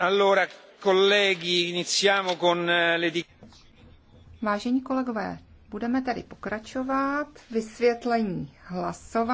Eh, Vážení kolegové, budeme tedy pokračovat. Vysvětlení hlasování.